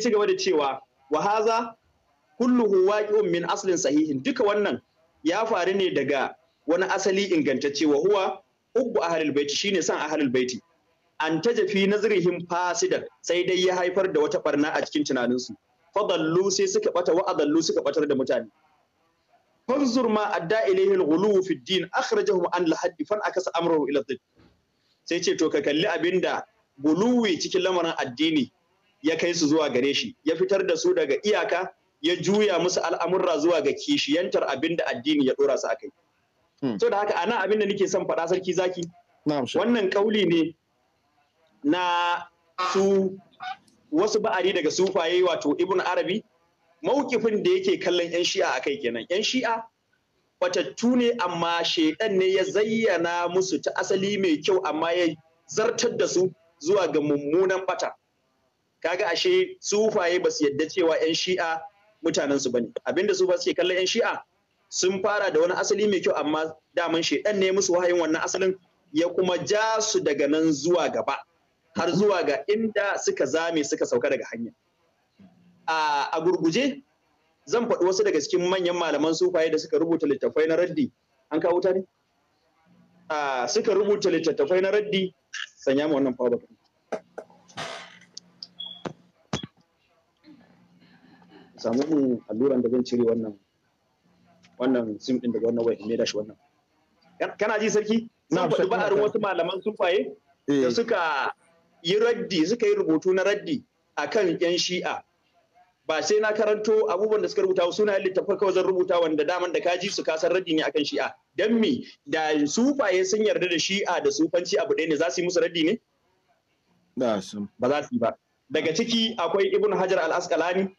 ci gaba da cewa wa haza kulluhu waqi'un min aslin sahihin duka wannan ya faru ne daga wani asali ingantacce wa huwa hubbu ahlul baiti shine san ahlul baiti an fi nazrihim fasida sai dai ya haifar da wata barna a cikin tunanin tunaninsu fadallu sai suka bata wa adallu suka batar da mutane fanzur ma adda ilayhi alghulu fi din akhrajahum an al fan akasa amruhu ila sai ce to ka kalli abinda guluwi cikin lamarin addini ya kai su zuwa gare shi ya fitar da su daga iyaka ya juya musu al'amurra zuwa ga kishiyantar abin da addini ya dora su akai hmm. so da haka ana abin da nake son faɗa sarki zaki wannan kauli ne na su wasu ba'ari daga sufaye wato ibn arabi maukifin da yake kallon 'yan shi'a a kai kenan 'yan shi'a fatattu ne amma shaidan ne ya zayyana musu ta asali mai kyau amma ya zartar da su zuwa ga mummunan bata kaga ashe sufaye ba su yadda cewa yan shi'a mutanen su bane abinda su ba suke kallon yan shi'a sun fara da wani asali mai kyau amma daman shedan ne musu wahayin wannan asalin ya kuma ja su daga nan zuwa gaba har zuwa ga inda suka zame suka sauka daga hanya a gurguje zan faɗi wasu daga cikin manyan malaman sufaye da suka rubuta littattafai na raddi an kawo ta ne suka rubuta littattafai na raddi sanya mu wannan fawa samu mun alluran da zan cire wannan wannan sim din daga wannan wayar da shi wannan kana ji sarki na faɗi ba'arin wasu malaman sufaye da eh. suka yi raddi suka yi rubutu na raddi akan yan shi'a ba sai na karanto abubuwan da suka rubuta suna littafin kawai zan rubuta wanda daman da kaji su kasar raddi ne akan shi'a dan mi da sufaye sun yarda da shi'a da sufanci abu ɗaya ne za su yi musu raddi ne ba za su yi ba daga ciki akwai ibn hajar al-asqalani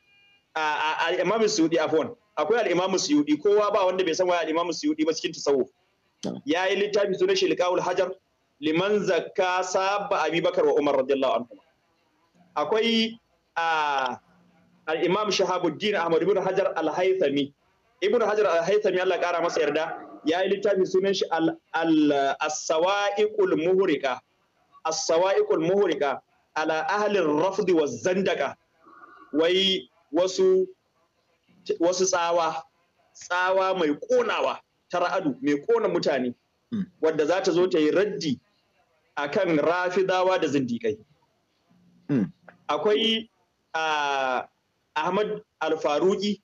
al-Imam Suyudi afwan akwai al-Imam Suyudi kowa ba wanda bai san wa al-Imam Suyudi ba cikin ya yi littafi sunan shi liqaul hajar liman zakka sabba Abubakar wa Umar radiyallahu anhu akwai al-Imam Shahabuddin Ahmad ibn Hajar al-Haythami ibn Hajar al-Haythami Allah kara masa yarda ya yi littafi sunan shi al-Sawaiqul Muhriqa as-Sawaiqul Muhriqa ala ahli ar-rafd wa zandaka wai wasu wasu tsawa tsawa mai konawa ta ra'adu mai kona mutane hmm. wadda za ta zo ta yi raddi a kan rafidawa da zindiƙai. Hmm. Akwai Ahmad Alfaruki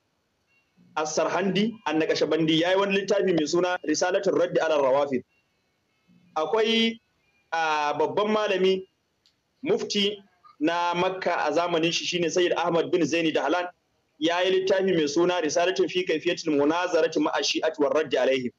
a Sarhandi a Nakashabandi ya yi wani littafi mai suna Risalatun Raddi ala Rawafid. Akwai babban malami Mufti na makka a zamanin shi shine sayyid ahmad bin zaini da halan ya yi littafi mai suna risalatun fi kaifiyatul munazarati ma'a shi'ati war raddi alaihi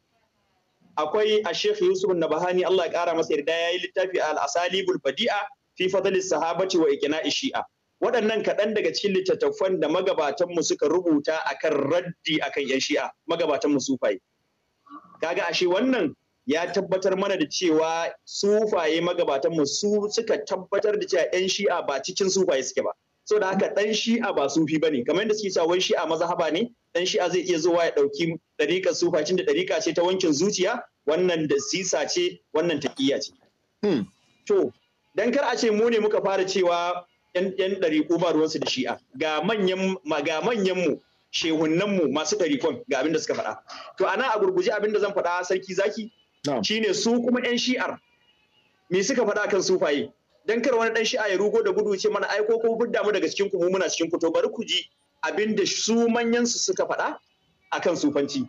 akwai a sheikh yusuf nabahani Allah ya kara masa yarda yayi littafi al asalibul badi'a fi fadlis sahabati wa iqna'i shi'a waɗannan kaɗan daga cikin littattafan da magabatanmu suka rubuta akan raddi akan yan shi'a magabatanmu sufaye kaga ashe wannan ya tabbatar mana da cewa sufaye magabatanmu su suka tabbatar da cewa 'yan shi'a ba cikin sufaye suke ba. So da haka ɗan shi'a ba sufi ba kamar yadda suke cewa wai shi'a mazhaba ne, ɗan shi'a zai iya zuwa ya ɗauki ɗariƙar sufacin da ɗariƙa ce ta wankin zuciya, wannan da sisa ce, wannan taƙiyya ce. Hmm. To, dan kar a ce mu ne muka fara cewa 'yan ɗariƙu ba ruwansu da shi'a, ga manyan ga manyan mu mu masu ɗarikon ga abin da suka faɗa. To ana a gurguje abin da zan faɗa sarki zaki shine su kuma yan shi'ar me suka faɗa kan sufaye dan kar wani dan shi'a ya rugo da gudu ce mana ai ko kuma fidda mu daga cikin ku mu muna cikin ku to bari ku ji abinda su manyan su suka faɗa akan sufanci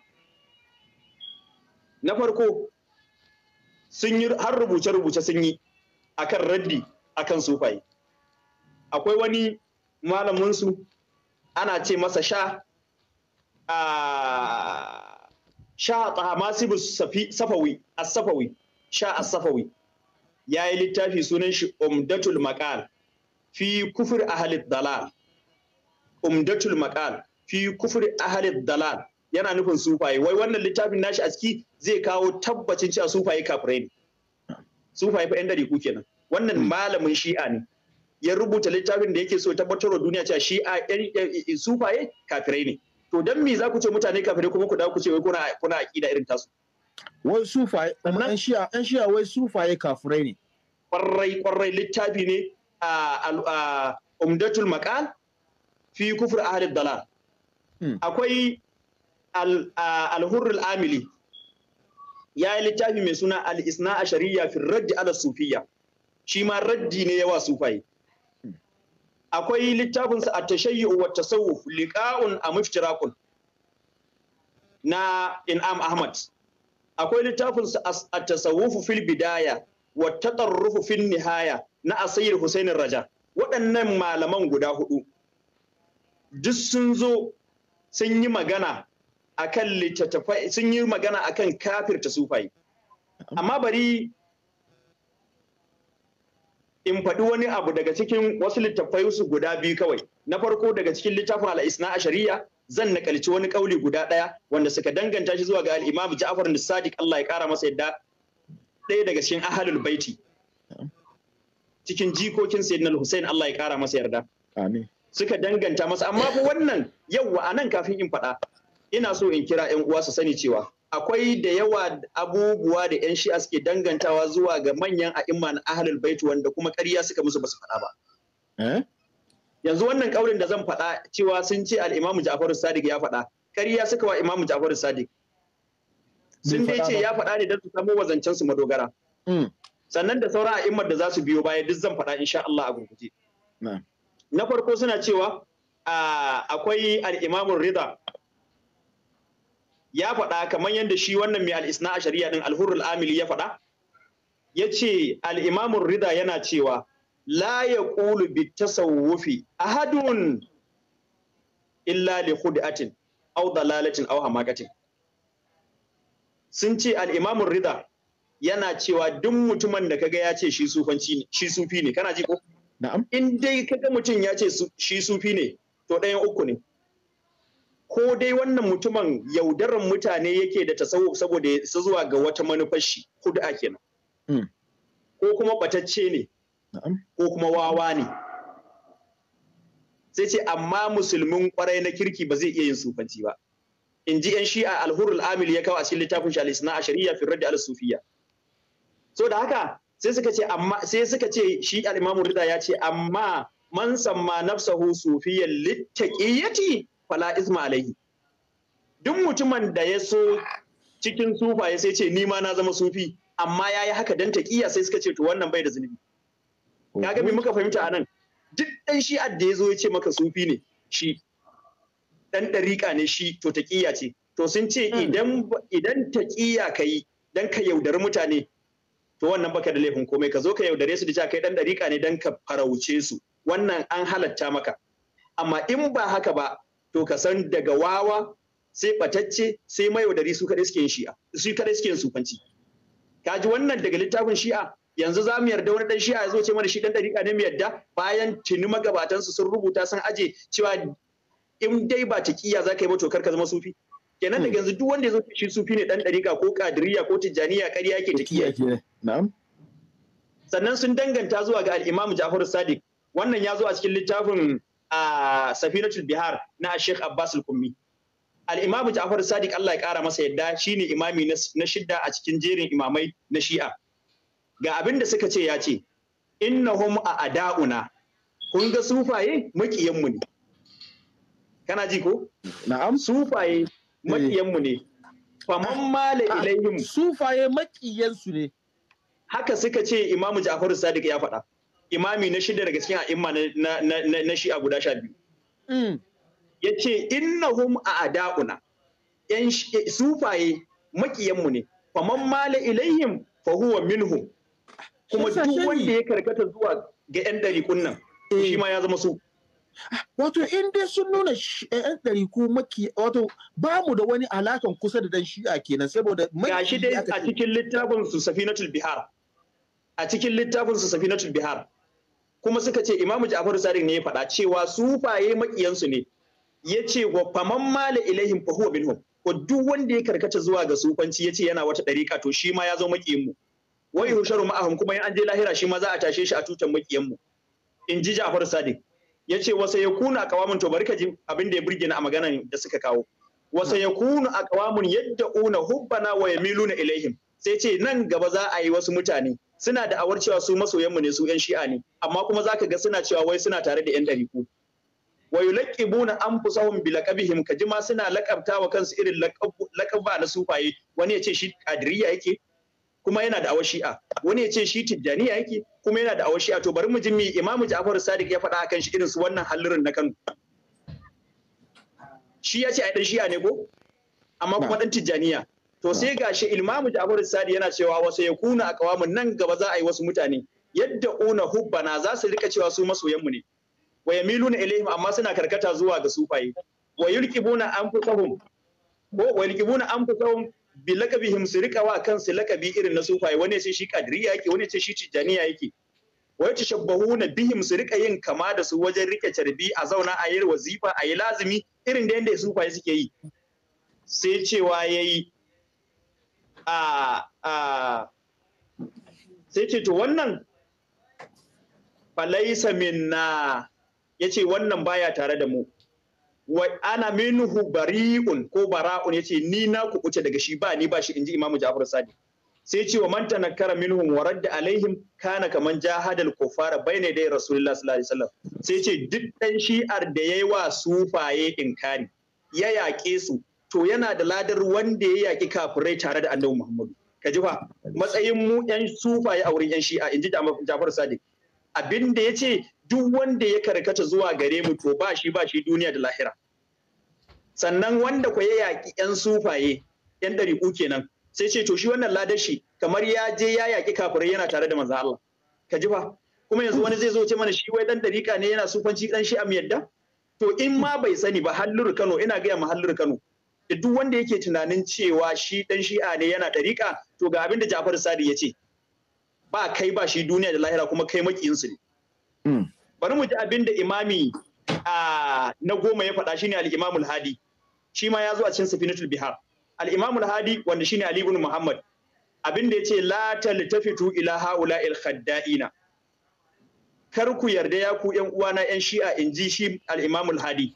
na farko sun yi har rubuce-rubuce sun yi akan raddi akan sufaye akwai wani malaminsu ana ce masa sha a ah, sha tahamasibu safawi a safawi sha a safawi yi littafi sunan shi umdatul maqal fi kufur ahli dalal umdatul maqal fi kufur ahli dalal yana nufin sufaye wai wannan littafin nashi a ciki zai kawo tabbacin cewa sufaye kafirai ne sufaye fa yan ku kenan wannan hmm. malamin shi'a ne ya rubuta littafin da yake so tabbatarwa duniya cewa shi'a sufaye kafirai ne to dan me za ku ce mutane kafin kuma ku da ku ce wai kuna kuna aqida irin tasu wai sufaye an shiya an shiya wai sufaye kafirai ne kwarai kwarai littafi ne a umdatul maqal fi kufur ahli dalal hmm. akwai al-hurr amili ya yi littafi mai suna al-isna a shari'a fi raddi ala sufiya shi ma raddi ne yawa sufaye akwai littafinsa a Tashayyi wa tasawuf liqa'un a muftirakun na in'am ahmad akwai littafinsa a tasawufu fil bidaya wa tatarrufu fil nihaya na asayir husainin raja waɗannan malaman guda hudu duk sun zo sun yi magana akan littattafai sun yi magana akan kafirta sufai amma bari in faɗi wani abu daga cikin wasu littattafai su guda biyu kawai na farko daga cikin littafin al'isna a shari'a zan nakalci wani kauli guda ɗaya wanda suka danganta shi zuwa ga al'imam ja'far da sadiq Allah ya kara masa yadda ɗaya daga cikin ahalul baiti cikin jikokin sayyidina Hussein Allah ya kara masa yarda suka danganta masa amma fa wannan yawwa anan kafin in faɗa ina so in kira 'yan uwa su sani cewa akwai da yawa abubuwa da yan shi'a suke dangantawa zuwa ga manyan a'imma na ahlul baitu wanda kuma ƙarya suka musu basu faɗa ba eh? yanzu wannan kaurin da zan faɗa cewa sun ce al-imamu Ja'faru Sadiq ya faɗa ƙarya suka wa imamu ja'afar Sadiq sun dai ce ya faɗa ne don su samu wazancen su madogara hmm. sannan da sauran a'immar da za su biyo baya duk zan faɗa insha Allah a gurguje na farko suna cewa akwai al-imamu Rida ya faɗa kamar yadda shi wannan mai al'isna a shari'a ɗin, alhurul amili ya faɗa ya ce al'imamun rida yana cewa la ya ƙulu bi a ahadun illa li hudatin au dalalatin au hamakatin sun ce al'imamun rida yana cewa duk mutumin da kaga ya ce shi shi sufi ne kana ji ko na'am in dai kaga mutum ya ce shi sufi ne to ɗayan uku ne ko dai wannan mutumin yaudaran mutane yake da tasawuf saboda su zuwa ga wata manufar shi a kenan hmm. ko kuma batacce ne ko kuma wawa ne sai ce amma musulmin kwarai na kirki ba zai iya yin sufanci ba in ji yan shi'a alhurul amil ya kawo a cikin littafin shalis na ashariya fi radda al-sufiya so da haka sai suka ce amma sai suka ce shi al-imamu rida ya ce amma man samma nafsahu sufiyan littaqiyati fala isma alaihi duk mutumin da ya so cikin sufaye sai ce ni ma na zama sufi amma ya yi haka dan taƙiya sai suka ce to wannan bai da zunubi kaga me muka fahimta anan duk dan shi da ya zo ya ce maka sufi ne shi dan ɗariƙa ne shi to taƙiya ce to sun ce hmm. idan idan taƙiya ka yi dan ka yaudari mutane to wannan baka da laifin komai ka zo ka yaudare su da kai dan ɗariƙa ne dan ka farauce su wannan an halatta maka amma in ba haka ba to ka san daga wawa sai batacce sai mai wadari su kadai suke shi'a su kaɗai suke sufanci ka ji wannan daga littafin shi'a yanzu za mu yarda wani ɗan shi'a ya zo ce mana shi ɗan ɗariƙa ne mu yarda bayan tuni magabatansu sun rubuta sun aje cewa in dai ba ta kiyya za ka yi ba to kar ka zama sufi kenan daga yanzu duk wanda ya zo shi sufi ne ɗan ɗariƙa ko kadiriya ko tijjaniya ƙarya ke ta na'am sannan sun danganta zuwa ga al'imamu Jafaru Ja'far Sadiq wannan ya zo a cikin littafin a safinatul bihar na Sheikh Abbas al-Kummi al-Imam Ja'far Sadiq Allah ya kara masa yadda shine imami na shidda a cikin jerin imamai na Shi'a ga abin da suka ce ya ce innahum a ada'una kun ga sufaye maƙiyanmu ne kana ji ko na'am sufaye maƙiyanmu ne faman mala ah, ilaihim sufaye maƙiyansu ne haka suka ce Imam Ja'far Sadiq ya faɗa imami na shida daga cikin a'imma na shi'a guda sha biyu. Mm. Ya ce hum a ada'una ‘yan sufaye makiyanmu ne, faman mala ilayhim fa huwa minhum kuma duk wanda ya karkata zuwa ga ‘yan ɗariƙun nan shi eh. ma ya zama su. Wato in dai sun nuna eh, ‘yan ɗariku maki wato ba mu da wani alakan kusa da dan shi'a kenan saboda Ga shi dai a cikin littafin su Safinatul Bihar. A cikin littafin su Safinatul Bihar. kuma suka ce imamu ja'faru sadiq ne ya faɗa cewa sufaye makiyansu ne ya ce wa faman mala ilaihim fa huwa minhum ko duk wanda ya karkata zuwa ga sufanci ya ce yana wata ɗariƙa to shi ma ya zo makiyinmu Wai wa yuhsharu ma'ahum kuma in an je lahira shi ma za a tashe shi a tutan makiyinmu Inji in ji ja'faru sadiq ya ce wasa ya kuna kawamin to bari ka ji abin da ya burge na a magana da suka kawo wasa ya kuna a kawamin yadda una hubbana wa yamiluna ilaihim sai ce nan gaba za a yi wasu mutane suna da awar cewa su masoyanmu ne su 'yan shi'a ne amma kuma zaka ga suna cewa wai suna tare da 'yan ɗariku wa yulaqibuna anfusahum bi laqabihim kajima suna lakabta wa kansu irin lakaba na sufaye wani ya ce shi ya yake kuma yana da awar shi'a wani ya ce shi tijjaniya yake kuma yana da awar shi'a to bari mu ji mi imamu ja'far sadiq ya faɗa akan shi irin su wannan hallirin na Kano shi ya ce ai dan shi'a ne ko amma kuma dan tijjaniya to ah. sai gashi ilmamu Ja'far Sadi yana cewa wasu ya kuna a kawamun nan gaba za a yi wasu mutane yadda una hubbana za su rika cewa su masoyanmu ne wa yamiluna ilayhim amma suna karkata zuwa ga sufaye wa yulqibuna anfusahum ko wa yulqibuna anfusahum bi laqabihim su rika wa kansu laqabi irin na sufaye wani sai shi kadiriya yake wani sai shi tijaniya yake wa yatashabbahuna bihim su rika yin kama da su wajen rike carbi a zauna a yi wazifa a yi lazimi irin da yanda sufaye suke yi sai cewa yayi a a sai ce to wannan falaisa minna ya ce wannan baya tare da mu wa ana minhu bari'un ko bara'un ya ce ni na ku wuce daga shi ba ni ba shi inji imamu ja'far Sadi. sai ce wa man tanakkara minhum wa radda alaihim kana kaman jahadal kufara baina dai rasulullah sallallahu alaihi wasallam sai ce duk dan shi'ar da yayi wa sufaye inkari ya yaƙe su to yana da ladar wanda ya yaƙi kafirai tare da annabi Muhammadu. Ka ji fa matsayin mu ƴan sufaye a wurin ƴan shi'a inji Jafar Sadiq. Abin da ya ce duk wanda ya karkata zuwa gare mu to ba shi ba shi duniya da lahira. Sannan wanda ko ya yaƙi ƴan sufaye ƴan ɗariƙu kenan sai ce to shi wannan ladar shi kamar ya je ya yaƙi kafirai yana tare da manzo Allah. Ka ji fa kuma yanzu wani zai zo ce mana shi wai dan ɗariƙa ne yana sufanci dan shi'a mu yadda. To in ma bai sani ba hallur Kano ina gaya ma hallur Kano da duk wanda yake tunanin cewa shi dan shi'a ne yana ɗariƙa to ga abin da Ja'far Sadi ya ce ba kai ba shi duniya da lahira kuma kai makiyinsu ne. Hmm. Bari mu ji abin da imami na goma ya faɗa shine al al Hadi shi ma ya zo a cikin Safinatul Bihar. al al Hadi wanda shine Ali ibn Muhammad abin da ce la taltafitu ila al khadda'ina kar ku yarda ya ku yan uwana yan shi'a in ji shi al al Hadi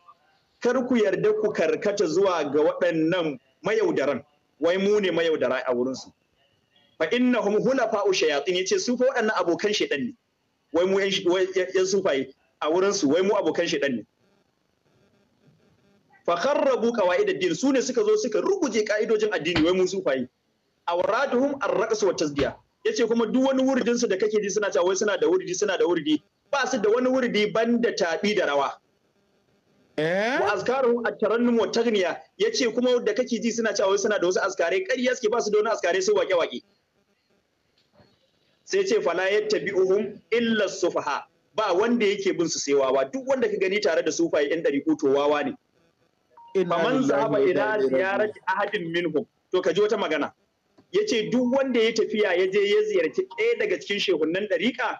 kar ku yarda ku karkata zuwa ga waɗannan mayaudaran wai mu ne mayaudara a wurinsu fa innahum hulafa ushayatin yace su fa waɗannan abokan shedan ne wai mu yan sufaye a wurinsu wai mu abokan shedan ne fa kharrabu qawaid ad-din su ne suka zo suka ruguje ka'idojin addini wai mu sufaye awraduhum ar-raqs wa tasdiya yace kuma duk wani wuridin su da kake ji suna cewa wai suna da wuridi suna da wuridi ba su da wani wuridi banda tabi da rawa Eh? wa a a tarannum wa tagniya yace kuma da kake ji suna cewa suna da wasu askare ƙarya suke ba su da wani askare sai wake-wake sai ce fala yattabi'uhum illa sufaha ba wanda yake bin su sai wawa duk wanda ka gani tare da sufaye ɗan dari to wawa ne man zaba ila ziyarati ahadin minhum to ka ji wata magana yace duk wanda ya tafiya ya je ya ziyarci ɗaya daga cikin shehunnan ɗariƙa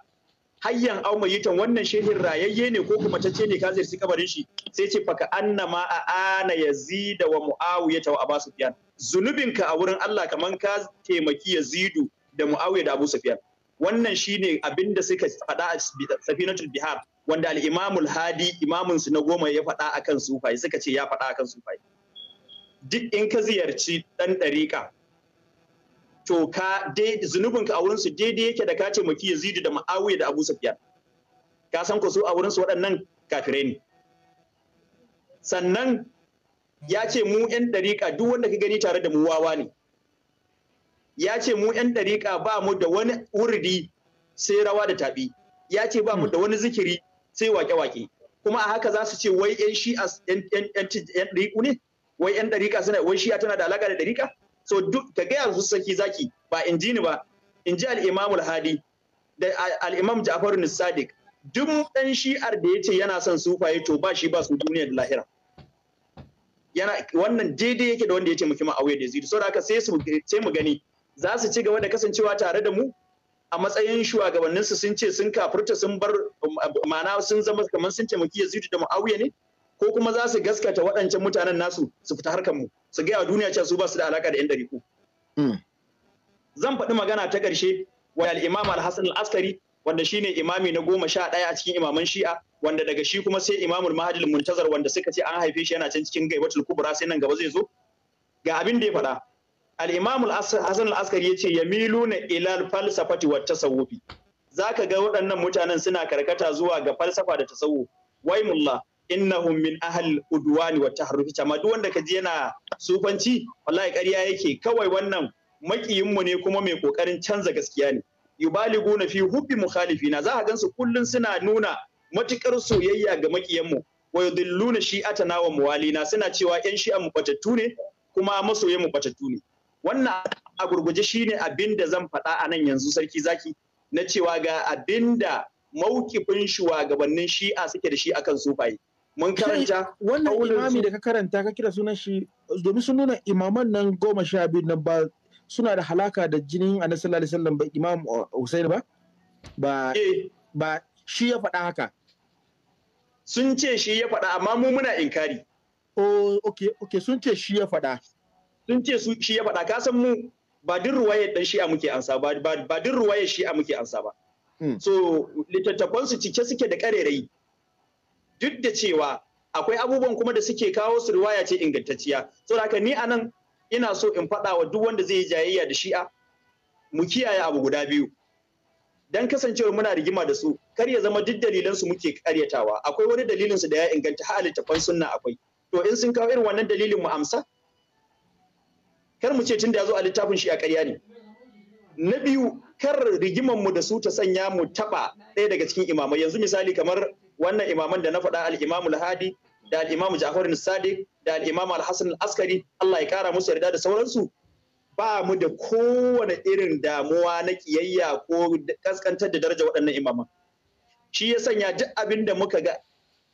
hayyan au yitan wannan shehin rayayye ne ko kuma tace ne ka ziyarci kabarin shi sai ce faka annama a ana yazida wa muawiyata wa abu sufyan zunubinka a wurin Allah kamar ka taimaki yazidu da muawiya da abu sufyan wannan shine abin da suka faɗa a safinatul bihar wanda al-imamul hadi imamun su na goma ya faɗa akan sufai suka ce ya faɗa akan sufai duk in ka ziyarci dan dariƙa. to ka a wurinsu daidai yake da ka ce maki yazidu da ma'awiya da abu sufyan ka san ku su a wurinsu waɗannan kafirai ne sannan ya ce mu 'yan dariƙa duk wanda ka gani tare da mu wawa ne ya ce mu 'yan dariƙa ba mu da wani wurdi sai rawa da tabi ya ce ba mu da wani zikiri sai wake-wake kuma a haka za su ce wai 'yan shi'a ƴan ɗariƙu ne wai 'yan ɗariƙa suna wai shi'a tana da alaƙa da ɗariƙa so duk ka gaya su saki zaki ba in ji ni ba in ji al hadi da al-imam ja'far sadiq duk dan shi'ar da yace yana son sufaye to ba shi ba su duniya da lahira yana wannan daidai yake da wanda yace muke ma'awiya da yazid saboda haka sai su sai mu gani za su ci gaba da kasancewa tare da mu a matsayin shugabanninsu sun ce sun kafurta sun bar ma'ana sun zama kamar sun taimaki yazid da mu'awiya ne ko kuma za su gaskata waɗancan mutanen nasu su fita harkar mu su gaya wa duniya cewa su ba su da alaka da yan dariku hmm. zan faɗi magana ta ƙarshe wa al-imam al-hasan al-askari wanda shine imami na goma sha ɗaya a cikin imaman shi'a wanda daga shi kuma sai imamul mahadil muntazar wanda suka ce an haife shi yana can cikin gaibatul kubra sai nan gaba zai zo ga abin da ya faɗa al-imam al al-askari yace yamiluna na ilal falsafati wat tasawufi zaka ga waɗannan mutanen suna karkata zuwa ga falsafa da tasawuf wai mulla innahum min ahal udwani wa taharrufi amma duk wanda kaji yana sufanci wallahi ƙarya yake kawai wannan makiyin mu ne kuma mai kokarin canza gaskiya ne yubaliguna fi hubbi mukhalifina za a gansu kullun suna nuna matukar soyayya ga makiyan mu wa yudilluna shi'atana wa muwalina suna cewa yan shi'a mu batattu ne kuma masoyan mu batattu ne wannan a gurguje shine abin da zan faɗa a nan yanzu sarki zaki na cewa ga abin da maukifin shugabannin shi'a suke da shi akan sufaye mun karanta wannan imami da ka karanta ka kira sunan shi domin sun nuna imaman nan goma sha biyu nan ba suna da halaka da jinin annabi sallallahu alaihi wasallam ba imam uh, Hussein ba ba eh. ba shi ya faɗa haka sun ce shi ya faɗa amma mu muna inkari oh okay okay sun ce shi ya faɗa sun ce shi ya faɗa ka san mu ba din ruwayar dan a muke ansa ba ba din ruwayar a muke ansa ba hmm. so littattafansu cike suke da ƙarerayi duk da cewa akwai abubuwan kuma da suke kawo su riwaya ce ingantacciya saboda haka ni anan ina so in faɗa wa duk wanda zai yi jayayya da shi'a mu kiyaye abu guda biyu dan kasancewar muna rigima da su kar ya zama duk dalilan su muke karyatawa akwai wani dalilin su da ya inganta har littafan sunna akwai to in sun kawo irin wannan dalilin mu amsa kar mu ce tunda ya zo a littafin shi a ƙarya ne na biyu kar rigimanmu da su ta sanya mu taɓa ɗaya daga cikin imamai yanzu misali kamar wannan imaman da na faɗa al-Imam hadi da al-Imam Ja'far da al-Imam al-Hasan askari Allah ya kara musu yarda da sauransu ba mu da kowane irin damuwa na kiyayya ko kaskantar da daraja waɗannan imaman shi ya sanya duk abin da muka ga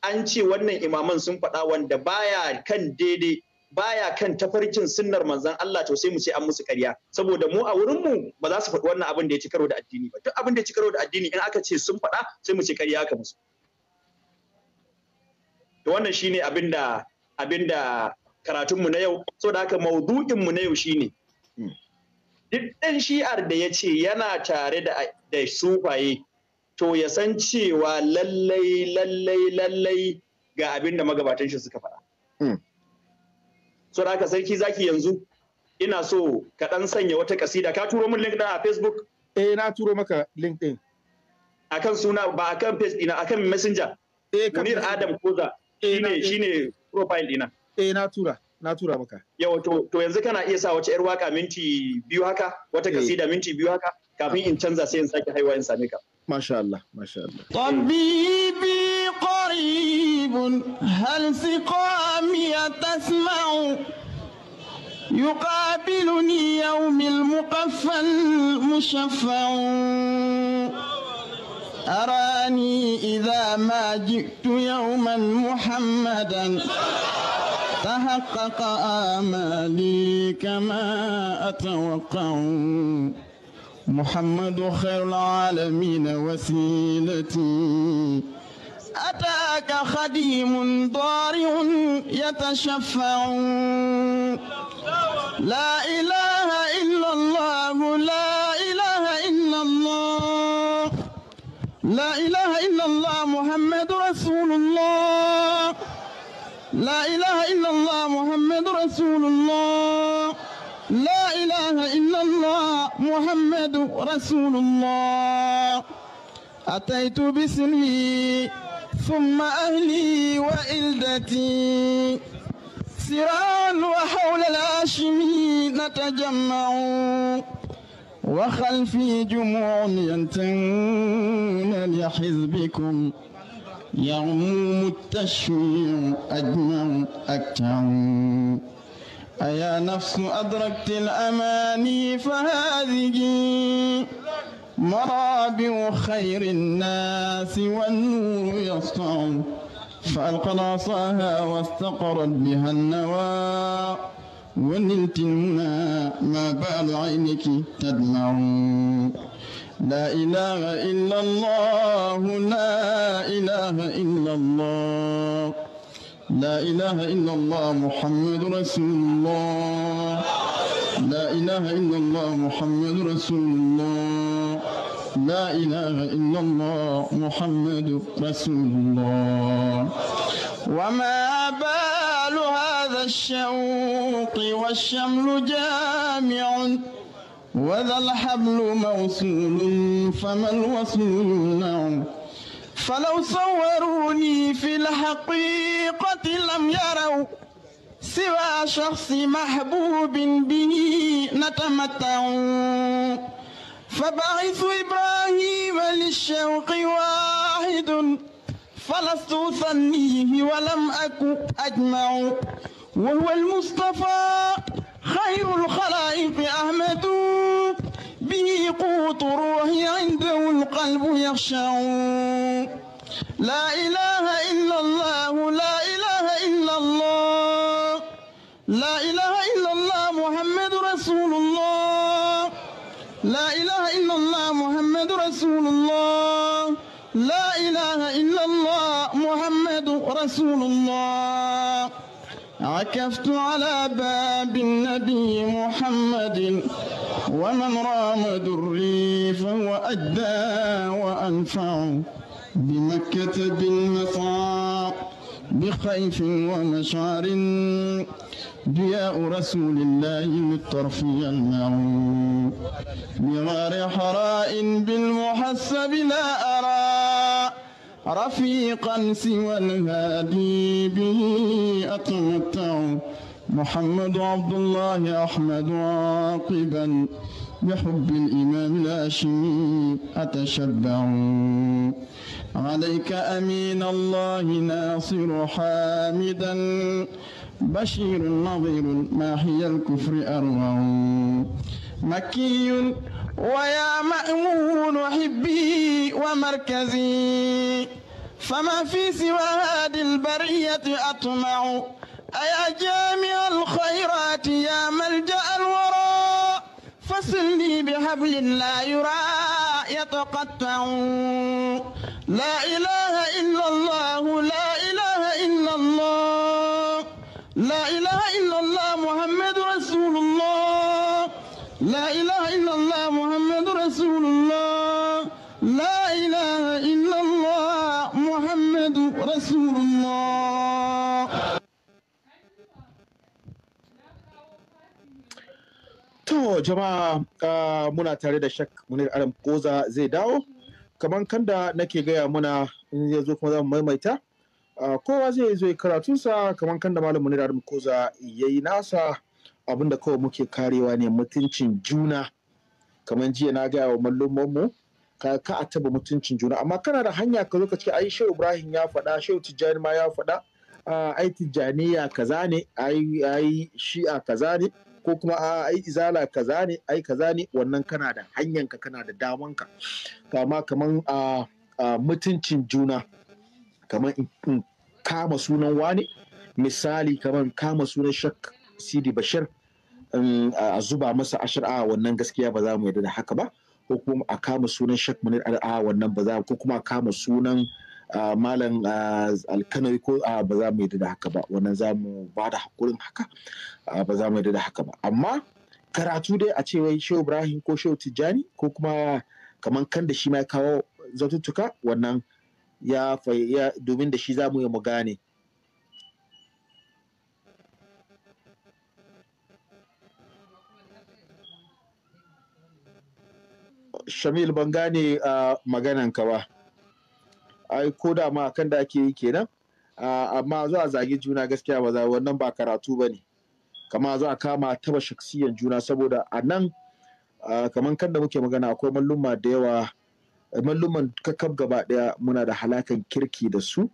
an ce wannan imaman sun faɗa wanda baya kan daidai baya kan tafarkin sunnar manzon Allah to sai mu ce an musu ƙarya saboda mu a wurin mu ba za su faɗi wannan abin da ya ci karo da addini ba duk abin da ya ci karo da addini in aka ce sun faɗa sai mu ce ƙarya ka musu to wannan shine abinda abinda abin da karatunmu na yau so da haka maudu'inmu na yau shine hmm. duk dan shi'ar da ya ce yana tare da sufaye to ya san cewa lallai lallai lallai ga abinda magabatan shi suka faɗa. Hmm. So da haka sarki zaki yanzu ina so ka ɗan sanya wata kasida ka turo min link ɗin a Facebook? Eh na turo maka link din Akan suna ba akan face ina akan messenger. Eh, Munir Adam Koza Eh, eh. shine profile dina eh na tura na tura maka yawa to yanzu kana iya sa wace yar waka minti biyu haka wata eh. kasida minti biyu haka kafin in canza sai in sake haihuwa in same ka masha Allah masha Allah tabibi qaribun hal siqami tasma'u يقابلني يوم muqaffal mushaffa'u. أراني إذا ما جئت يوما محمدا تحقق آمالي كما أتوقع محمد خير العالمين وسيلتي أتاك خديم ضارع يتشفع لا إله إلا الله لا إلا الله محمد رسول الله لا إله إلا الله محمد رسول الله لا إله إلا الله محمد رسول الله أتيت باسمي ثم أهلي وإلدتي سرا وحول الهاشمين نتجمع وخلفي جموع ينتمون لحزبكم يعموم التشويع أجمع أكتع أيا نفس أدركت الأماني فهذه مرابع خير الناس والنور يسطع فألقى عصاها واستقرت بها النوى ونلت المنى ما بعد عينك تدمع لا إله إلا الله لا إله إلا الله لا إله إلا الله محمد رسول الله لا إله إلا الله محمد رسول الله لا إله إلا الله محمد رسول الله وما بعد الشوق والشمل جامع وذا الحبل موصول فما الوصل يمنع فلو صوروني في الحقيقة لم يروا سوى شخص محبوب به نتمتع فبعث إبراهيم للشوق واحد فلست أثنيه ولم أكن أجمع وهو المصطفى خير الخلائق أحمد به قوت روحي عنده القلب يخشع لا إله إلا الله لا إله إلا الله لا إله إلا الله محمد رسول الله لا إله إلا الله محمد رسول الله لا إله إلا الله محمد رسول الله وقفت على باب النبي محمد ومن رام دري فهو أدى وأنفع بمكة بالمسعى بخيف ومشعر ضياء رسول الله للطرف يلمع بغار حراء بالمحسب لا أرى رفيقا سوى الهادي به أتمتع محمد عبد الله أحمد عاقبا بحب الإمام الهاشمي أتشبع عليك أمين الله ناصر حامدا بشير نظير ماحي الكفر أروع مكي ويا مأمون حبي ومركزي فما في سوى هذه البرية أطمع أيا جامع الخيرات يا ملجأ الورى فصلني بحبل لا يرى يتقطع لا إله رسول الله to jama'a ah, muna tare da shak munir adam koza zai dawo kamar kanda nake gaya muna in ya zo kuma za mu maimaita ah, kowa zai zo ya karatunsa kamar kanda malam munir adam koza ya yi nasa abinda kawai muke karewa ne mutuncin juna kamar jiya na gaya wa mallumanmu ka ka a taba mutuncin juna amma kana da hanya ka zo ka ce ai shehu ibrahim ya faɗa shehu tijjani ma ya faɗa ai Tijjani ya kaza ne ai ai shi'a kaza ne ko kuma a ai izala kaza ne ai kaza ne wannan kana da hanyanka kana da ka amma kaman a mutuncin juna kamar in kama sunan wani misali kamar kama sunan shak sidi bashir a zuba masa ashir a wannan gaskiya ba za mu yarda da haka ba ko kuma a kama sunan Sheikh Munir a wannan ba ko kuma a kama sunan malam alkanari ko ba za mu yi da haka ba wannan za mu ba da hakurin haka ba za mu yi da haka ba amma karatu dai a cewa shehu ibrahim ko shehu tijjani ko kuma kamar kan da shi ma ya kawo zartuttuka wannan ya domin da shi za mu yi mu gane shamil ban gane a ka ba ai ko da ma kan da ake yi kenan amma a zagi juna gaskiya ba za wannan ba karatu ba ne kama a kama taba shaksiyan juna saboda a nan kamar kan da muke magana akwai malluma da yawa malluman kakab gaba daya muna da halakan kirki da su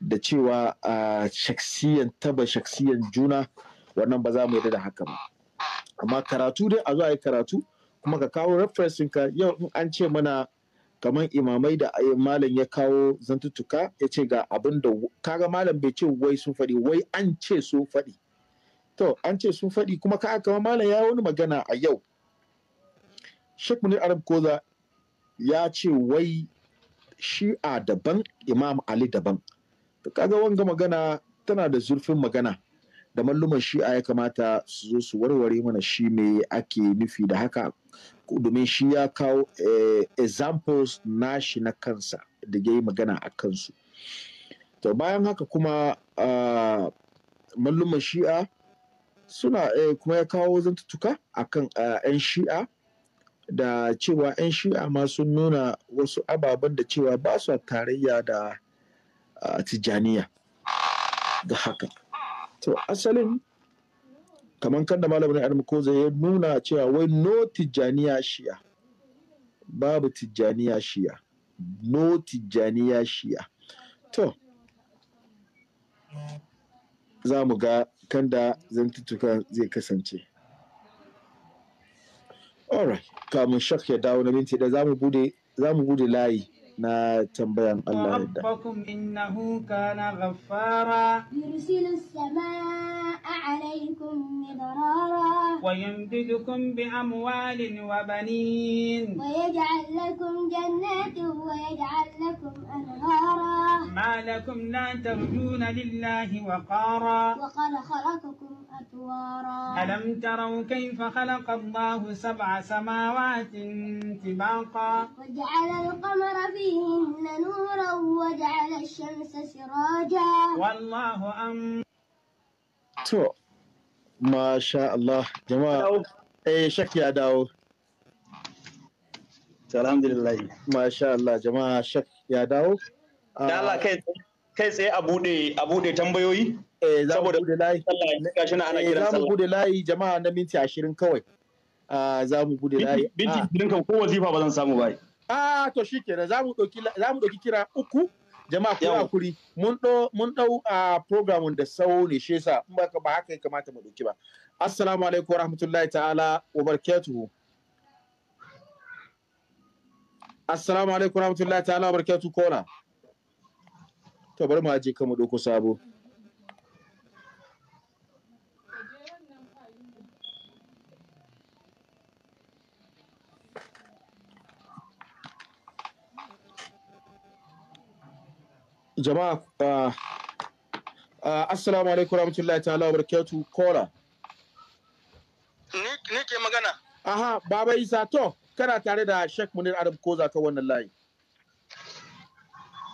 da cewa shaksiyan taba shaksiyan juna wannan ba za mu yi da haka ba amma karatu dai a zuwa yi karatu kuma ka kawo reference ka yau in an ce mana kamar imamai da malam ya kawo zantuttuka ya ce ga abin da kaga malam bai ce wai sun faɗi wai an ce sun faɗi to an ce sun faɗi kuma ka kama malam ya wani magana a yau Sheikh Munir Arab Koza ya ce wai shi'a daban Imam Ali daban to kaga wanga magana tana da zurfin magana da malluman shi'a ya kamata su zo su warware mana shi me ake nufi da haka domin shi ya kawo eh, examples nashi na kansa da ya yi magana a kansu to bayan haka kuma ah, malluman shi'a suna eh, kuma ya kawo zantuttuka akan 'yan ah, shi'a da cewa 'yan shi'a ma sun nuna wasu ababen da cewa ba su tarayya da ah, Tijaniya ga haka to asalin kamar kan da malamin adam ko zai ya nuna cewa wai no tijjaniya shiya babu tijjaniya shiya no tijjaniya shiya to za mu ga kan da zai kasance alright kamun shak ya dawo na minti da za mu bude layi na tambayan Allah ya da rabbukum innahu kana ghaffara yursilu samaa'a alaykum midrara wa yamdidukum bi amwalin wa banin wa yaj'al lakum jannatin wa yaj'al lakum anhara ma lakum la tarjuna lillahi waqara wa qad khalaqakum أطوارا ألم تروا كيف خلق الله سبع سماوات طباقا وجعل القمر فيهن نورا وجعل الشمس سراجا والله أم تو ما شاء الله جماعة أي شك يا داو الحمد لله ما شاء الله جماعة شك آه، يا داو da Allah kai tsaye a bude tambayoyi saboda eh, layi za mu eh, bude layi jama'a na minti ashirin kawai ah, za mu bude layi minti ah. ashirin kan ko wazifa ba zan samu ba a ah, to shi kenan za mu ɗauki kira uku jama'a ku hakuri mun ɗau a programun da sau ne shi yasa in ba haka ya kamata mu ɗauki ba assalamu alaikum rahmatullahi ta'ala wa barakatuhu assalamu alaikum warahmatullahi ta'ala wa barakatuhu kona to bari mu aje kan mu ɗauko sabo jama'a uh, uh, assalamu alaikum rahmatullahi ta'ala wa barakatuh kola ni ke magana aha baba isa to kana tare da Sheikh Munir Adam ko zaka wannan layi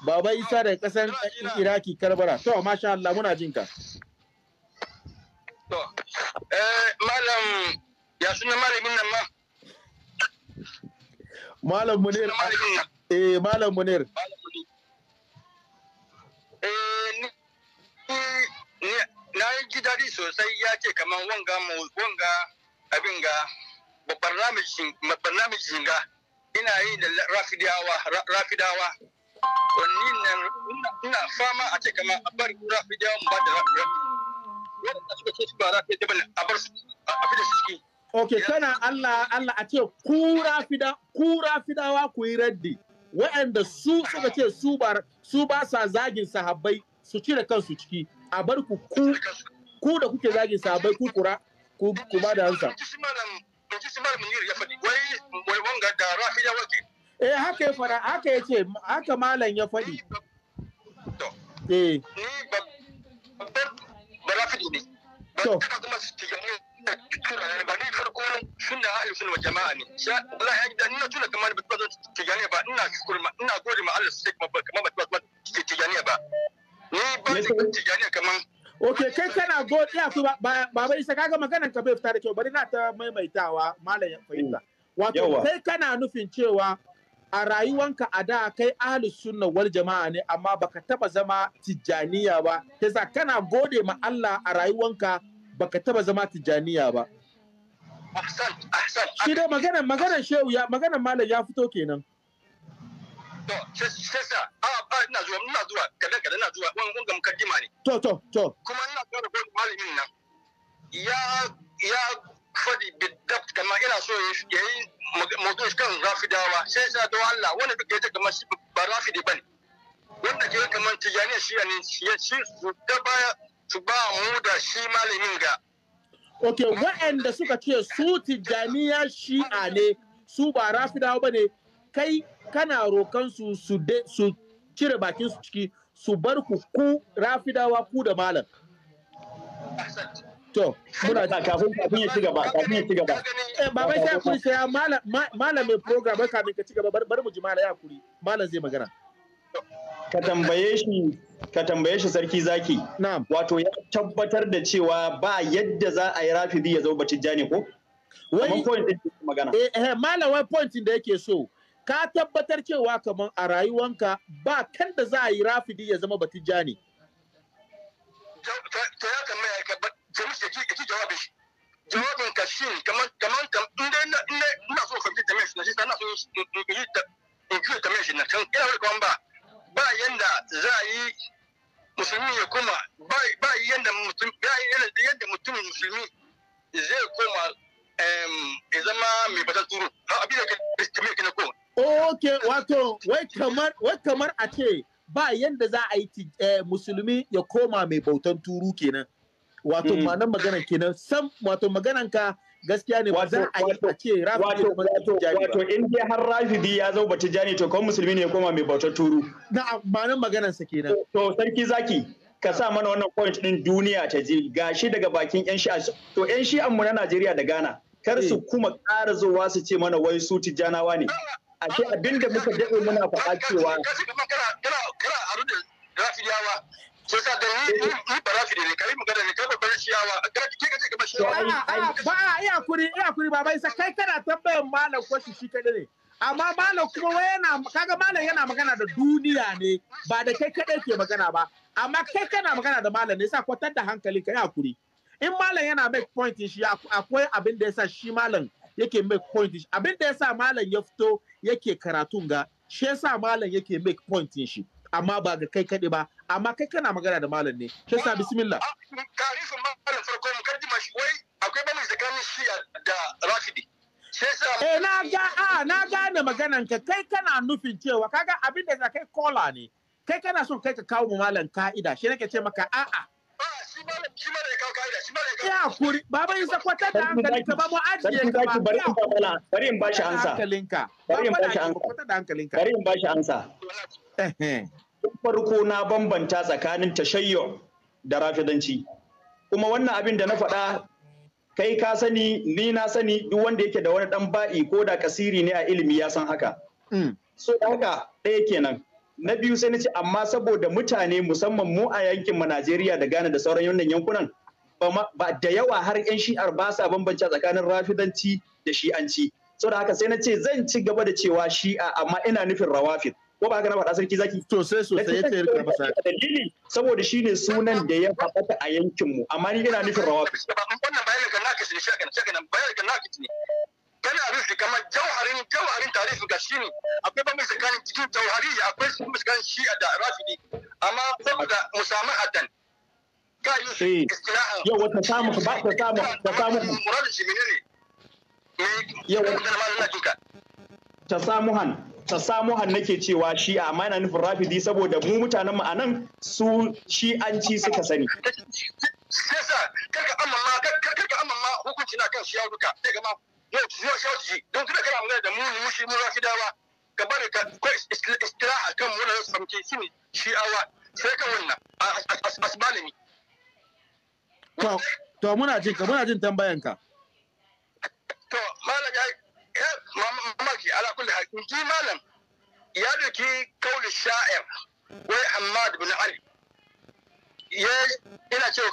baba isa da kasan Iraki karbara to masha Allah muna jin ka to eh malam ya suna malamin nan ma malam Munir eh malam Munir na ji daɗi sosai ya ce kamar wanga wanga abin ga barnamijin ga ina yi da rafidawa rafidawa wani nan ina fama a ce kamar a bar rafidawa ba da rafidawa wanda suka ce su ba rafidawa a bar su a fi da su ciki Ok, yeah. kana Allah Allah a ce ku rafida ku rafidawa ku yi raddi. Waɗanda su suka ce su ba su ba sa zagin sahabbai su cire kansu ciki. a bar ku ku da kuke zagin sabai ku kura ku ku ba da hansa um, eh haka ya fara haka ya ce haka malam ya faɗi eh to ba ni farko sunna ahlus sunna jama'a ne sha wallahi ya gidan ina tuna kamar ba ta tijaniya ba ina shukuri ma ina gode ma Allah sai kuma ba kamar ba ta tijaniya ba ni ok kai kana godiya su baba isa kaga maganar ka bai fita da kyau bari na ta maimaitawa malam ya fahimta mm. wato kai kana nufin cewa a rayuwanka a da kai ahli sunna wal jama'a ne amma baka taba zama tijaniya ba yasa kana gode ma Allah a rayuwanka baka taba zama tijaniya ba ahsan ahsan shi da maganar maganar shehu ya maganar malam ya fito kenan to sai sa a ina zuwa ina zuwa kada kada ina zuwa wani mukaddima ne to to to kuma ina zuwa da malamin nan ya ya fadi bidab kamar ina so ya yi mutum kan rafidawa sai sa don Allah wani duk ya ce kamar shi ba rafidi ba ne wanda ke kamar tijaniya shi ne ya su ta baya su ba mu da shi malamin ga Ok, wa'anda suka ce su tijjaniya shi'a ne, su ba rafidawa ba ne, kai kana rokan su su cire bakin su ciki su bar ku ku rafidawa ku da malam to muna ta kafin kafin ya shiga ba, kafin ya shiga eh, ba. eh baba sai kun sai malam malam mai program ka kafin ka shiga gaba bar mu ji malam ya kuri malam zai magana ka tambaye shi ka tambaye shi sarki zaki na'am wato ya tabbatar da cewa ba yadda za a yi rafidi ya zo bacin jani ko wai point din magana eh eh malam wai point da yake so ka tabbatar cewa kamar a rayuwanka ba kan da za a yi rafidi ya zama ja ne. Ta ya kama ya ka jamus ya ji jawabin shi. Jawabin ka shi kamar kamar kam inda inda ina so kamar ta mesh na shi sana so yi in ji ta mesh na can ina wani ba ba yanda za a yi musulmi ya koma ba yanda yanda mutum musulmi zai koma ya zama mai bataturu turu, abin da ka mai kana ko. Ok, wato, wai kamar, wai kamar a ce ba yanda za a yi eh, musulmi ya koma mai bautan turu kenan. Wato, mm. ma'anar magana kenan, sam, wato maganan ka gaskiya ne ba za a yi a ce rafidi ya ba. Wato, in dai har rafidi ya zama tijani to kawai musulmi ne ya koma mai bautan turu. Na, ma'anar maganan sa kenan. To, sarki zaki, ka sa mana wannan point din duniya ta ji gashi daga bakin yan shi'a to yan shi'an mu na Najeriya da Ghana kar su eh. kuma ƙara zuwa su ce mana wai su tijjanawa ne ce abin da muka daɗe muna faɗa cewa kana aru da sa da ni ba rafi kai mu gada ne ke ka ce ba a iya kuri iya kuri baba isa kai kana tambayan malam ko shi kaɗai ne amma malam kuma wai yana kaga malam yana magana da duniya ne ba da kai kaɗai ke magana ba amma kai kana magana da malam ne sa kwatar da hankali kai hakuri in malam yana make point shi akwai abin da yasa shi malam yake make point shi abin da yasa malam ya fito yake karatun ga shi yasa malam yake make point shi amma ba ga kai kaɗai ba amma kai kana magana da malam ne shi yasa bismillah tarifin malam farko mu kaddima shi wai akwai bambanci tsakanin shi da rafidi Eh na ga a na gane maganan ka kai kana nufin cewa kaga abin da kai kola ne kai kana son kai ka kawo mu malam ka'ida shi nake ce maka a'a Ya kuri, baba yin sakwata da ba mu ajiye ka ba. Bari in ba mala, bari in bashi ansa. Bari in bashi ansa. Bari in bashi ansa. Farko na bambanta tsakanin tashayyo da rafidanci. Kuma wannan abin da na faɗa kai ka sani ni na sani duk wanda yake da wani dan ba'i ko da kasiri ne a ilimi ya san haka. Mm. So haka ɗaya kenan. na biyu sai na ce amma saboda mutane musamman mu a yankin mu Najeriya da Ghana da sauran wannan yankunan ba da yawa har yan shi'ar ba sa bambance tsakanin rafidanci da shi'anci saboda haka sai na ce zan ci gaba da cewa shi'a amma ina nufin rawafid ko ba haka na faɗa sarki zaki to sai sosai yace ya ba sai dalili saboda shine sunan da ya faɗa a yankin mu amma ni ina nufin rawafid wannan bayanin kan naka shi shi kan shi kan bayanin kan naka ne tana rufe kamar jauharin jauharin tarihi ga shi ne akwai bambanci tsakanin cikin jauhari akwai tsakanin shi a da rafidi amma saboda musamman hadan ka yi eh, yau wata samu ba ta samu ta samu murar shi ne yau ta samu han ta samu nake cewa shi a amma yana nufin rafidi saboda mu mutanen mu anan su shi an ci suka sani sai sa karka amma ma karka amma ma hukunci na kan shi ya duka, sai ga ma yau ki yau shi don kada kana magana da mu mu shi mu rashi dawa ka bari ka ko istiraha kan mu na samke shi ne shi awa sai ka wannan asbalimi to to muna jin ka muna jin tambayan ka to malam ya mamaki ala kulli hal in malam ya doki kauli sha'ir wai Ahmad bin Ali ya ina cewa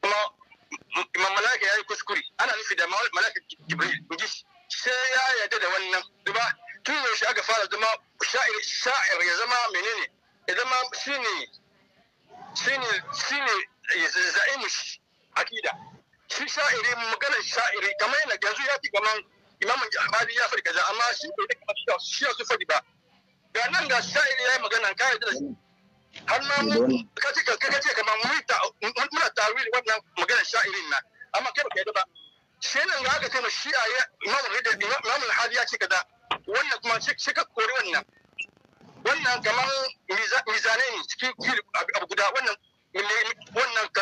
kuma Malaki ya yi kuskuri. ana nufi da mala'ika jibril sai ya yarda da wannan duba tun yaushe aka fara zama sha'ir ya zama menene ya zama shine shine shine eh, za'imu akida shi sha'iri maganar sha'iri kamar yana yanzu ya fi kamar imam abadi ya faɗi kaza amma shi bai da kamar shi ya su faɗi ba ga nan ga sha'iri ya yi magana ka da shi har ma mu ka ce ka ce kamar mu ta muna tawili wannan maganar sha'irin na amma kai baka yi ba sai nan ga aka ce ma shi'a ya imamu rida imamu hadi ya ce kaza wannan kuma shi ka kori wannan wannan kamar mizanai ne cikin abu guda wannan wannan